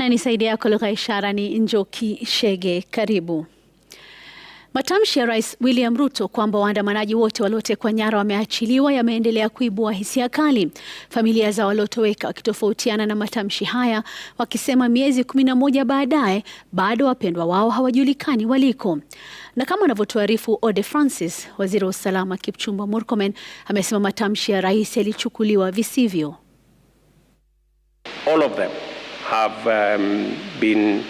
Ananisaidia kwa lugha ishara ni Njoki Shege, karibu. Matamshi ya Rais William Ruto kwamba waandamanaji wote waliotekwa nyara wameachiliwa yameendelea kuibua hisia kali, familia za waliotoweka wakitofautiana na matamshi haya, wakisema miezi kumi na moja baadaye bado wapendwa wao hawajulikani waliko. Na kama anavyotuarifu Ode Francis, waziri wa usalama Kipchumba Murkomen amesema matamshi ya rais yalichukuliwa visivyo. All of them have um, been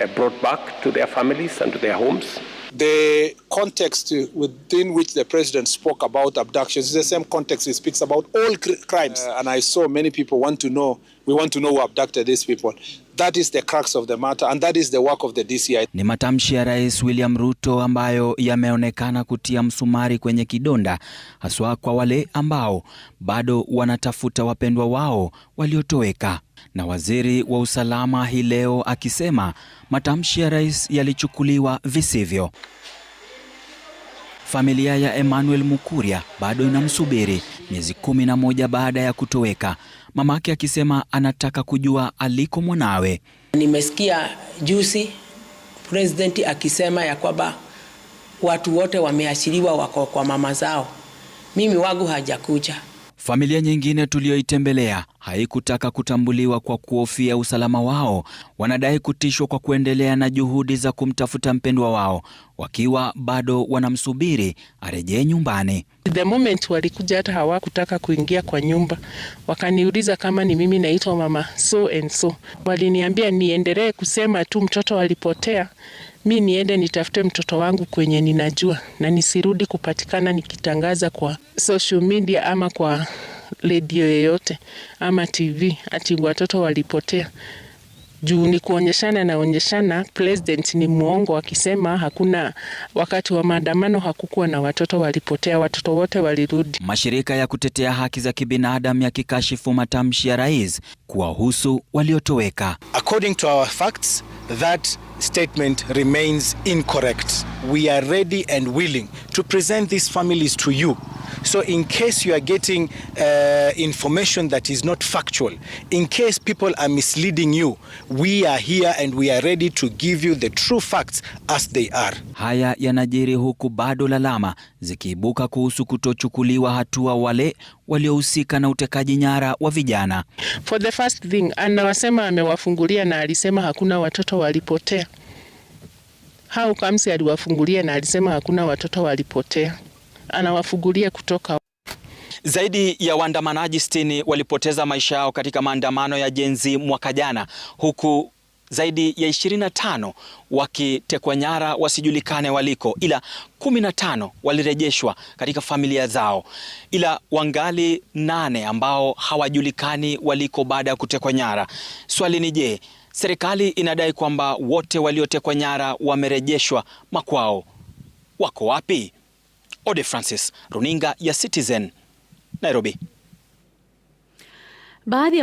uh, brought back to their families and to their homes. The context within which the president spoke about abductions is the same context he speaks about all cr- crimes. Uh, and I saw many people want to know, we want to know who abducted these people. That is the crux of the matter and that is the work of the DCI. Ni matamshi ya Rais William Ruto ambayo yameonekana kutia msumari kwenye kidonda haswa kwa wale ambao bado wanatafuta wapendwa wao waliotoweka na waziri wa usalama hii leo akisema matamshi ya rais yalichukuliwa visivyo. Familia ya Emmanuel Mukuria bado inamsubiri miezi kumi na moja baada ya kutoweka, mamake akisema anataka kujua aliko mwanawe. Nimesikia juzi presidenti akisema ya kwamba watu wote wameachiliwa wako kwa mama zao, mimi wangu hajakuja. Familia nyingine tuliyoitembelea haikutaka kutambuliwa kwa kuhofia usalama wao. Wanadai kutishwa kwa kuendelea na juhudi za kumtafuta mpendwa wao wakiwa bado wanamsubiri arejee nyumbani. The moment walikuja hata hawakutaka kuingia kwa nyumba, wakaniuliza kama ni mimi naitwa mama so and so. Waliniambia niendelee kusema tu mtoto alipotea mi niende nitafute mtoto wangu kwenye ninajua, na nisirudi kupatikana nikitangaza kwa social media ama kwa redio yeyote ama TV ati watoto walipotea juu ni kuonyeshana naonyeshana. President ni mwongo akisema hakuna, wakati wa maandamano hakukuwa na watoto walipotea, watoto wote walirudi. Mashirika ya kutetea haki za kibinadamu yakikashifu matamshi ya rais kuwahusu waliotoweka. According to our facts that statement remains incorrect. we are ready and willing to present these families to you. So in case you are getting uh, information that is not factual, in case people are misleading you, we are here and we are ready to give you the true facts as they are. Haya yanajiri huku bado lalama zikiibuka kuhusu kutochukuliwa hatua wale waliohusika na utekaji nyara wa vijana. For the first thing, anawasema amewafungulia na alisema hakuna watoto walipotea hao Kamsi aliwafungulia na alisema hakuna watoto walipotea, anawafungulia kutoka zaidi ya waandamanaji sitini walipoteza maisha yao katika maandamano ya jenzi mwaka jana, huku zaidi ya 25 wakitekwa nyara wasijulikane waliko, ila 15 walirejeshwa katika familia zao, ila wangali nane ambao hawajulikani waliko baada ya kutekwa nyara. Swali ni je, Serikali inadai kwamba wote waliotekwa nyara wamerejeshwa makwao. Wako wapi? Ode Francis, runinga ya Citizen, Nairobi. Baadhi ya